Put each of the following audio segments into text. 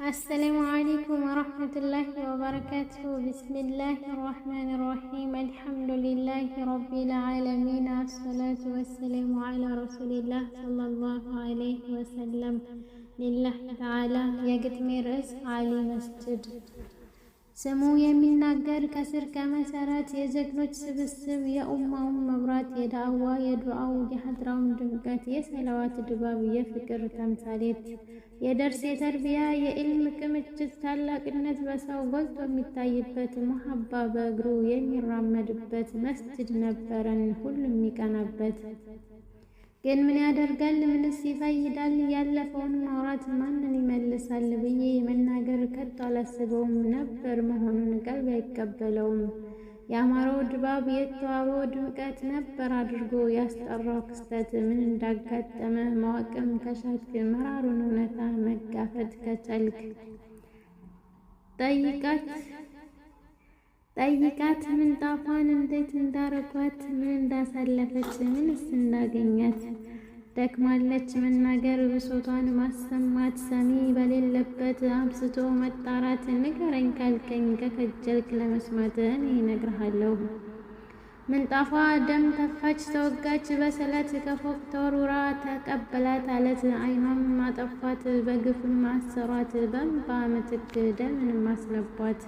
السلام عليكم ورحمة الله وبركاته بسم الله الرحمن الرحيم الحمد لله رب العالمين الصلاة والسلام على رسول الله صلى الله عليه وسلم لله تعالى يجد مرس علي مسجد ስሙ የሚናገር ከስር ከመሰረት የጀግኖች ስብስብ የኡማውን መብራት የዳዋ፣ የዱዓው የሀድራውን ድምቀት የሰላዋት ድባብ የፍቅር ተምሳሌት የደርስ የተርቢያ የኢልም ክምችት ታላቅነት በሰው ጎልቶ የሚታይበት መሀባ በእግሩ የሚራመድበት መስጅድ ነበረን ሁሉም የሚቀናበት ግን ምን ያደርጋል? ምንስ ይፈይዳል? ያለፈውን ማውራት ማንን ይመልሳል ብዬ የመናገር ከቶ አላስበውም ነበር መሆኑን ቀልብ አይቀበለውም። የአማረው ድባብ የተዋበው ድምቀት ነበር አድርጎ ያስጠራው ክስተት። ምን እንዳጋጠመ ማወቅም ከቻልክ መራሩን እውነታ መጋፈጥ ከቻልክ ጠይቃት ጠይቃት ምንጣፏን እንዴት እንዳረጓት፣ ምን እንዳሳለፈች፣ ምንስ እንዳገኛት። ደክማለች መናገር፣ ብሶቷን ማሰማት፣ ሰሚ በሌለበት አብዝቶ መጣራት። ንገረኝ ካልከኝ ከከጀልክ ለመስማት እኔ እነግርሃለሁ። ምንጣፏ ደም ተፋች ተወጋች፣ በስለት ከፎቅ ተወርውራ ተቀበላት አለት። አይኗም ማጠፏት፣ በግፍም አሰሯት፣ በእንባ ምትክ ደምን ማስለቧት።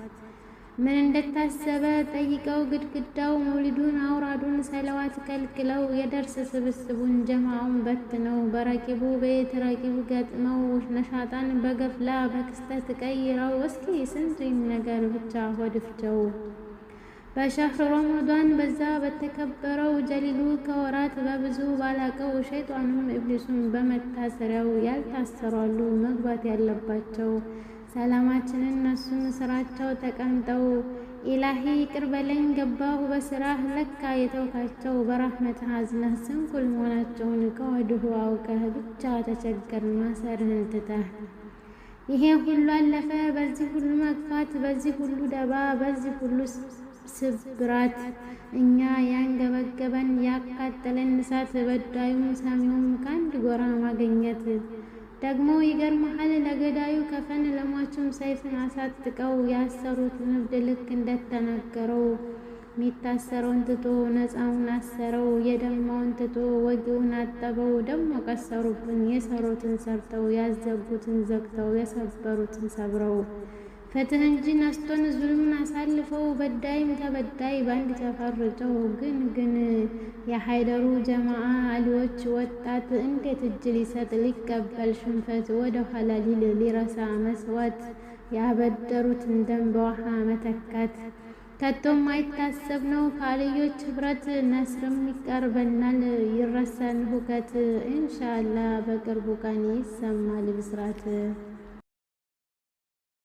ምን እንደታሰበ ጠይቀው ግድግዳው መውሊዱን አውራዱን ሰለዋት ከልክለው የደርስ ስብስቡን ጀማውን በትነው በረቂቡ ቤት ረቂብ ገጥመው ነሻጣን በገፍላ በክስተት ቀይረው እስኪ ስንት ነገር ብቻ ሆድፍቸው በሻህር ረመዷን በዛ በተከበረው ጀሊሉ ከወራት በብዙ ባላቀው ሸይጧኑም ኢብሊሱም በመታሰሪያው ያልታሰሯሉ መግባት ያለባቸው ሰላማችንን እነሱም ስራቸው ተቀምጠው ኢላሂ ቅርበለኝ ገባሁ በስራህ ለካ የተውካቸው በራህመት ሀዝነህ ስንኩል መሆናቸውን ከወድሁ አውቀህ ብቻ ተቸገር ማሰርህን ትተህ። ይሄ ሁሉ አለፈ። በዚህ ሁሉ መግፋት፣ በዚህ ሁሉ ደባ፣ በዚህ ሁሉ ስብራት እኛ ያንገበገበን ያቃጠለን እሳት በዳዩም ሰሚውም ከአንድ ጎራ ማገኘት ደግሞ ይገርመሃል ለገዳዩ ከፈን ለሟቹም ሰይፍን አሳጥቀው ያሰሩት ንብድ ልክ እንደተናገረው የሚታሰረውን ትቶ ነፃውን አሰረው፣ የደማውን ትቶ ወጊውን አጠበው። ደግሞ ቀሰሩብን የሰሩትን ሰርተው ያዘጉትን ዘግተው የሰበሩትን ሰብረው ፍትህ እንጂ ነስቶን ዙልምን አሳልፈው በዳይም ተበዳይ ባንድ ተፈርጨው ግን ግን የሀይደሩ ጀማአ አሊዎች ወጣት እንዴት እጅ ሊሰጥ ሊቀበል ሽንፈት ወደ ኋላ ሊል ሊረሳ መስዋት ያበደሩትን ደም በውሃ መተካት ከቶም አይታሰብ ነው ከአልዮች ህብረት ነስርም ይቀርበናል ይረሳን ሁከት ኢንሻአላህ በቅርቡ ቀን ይሰማል ብስራት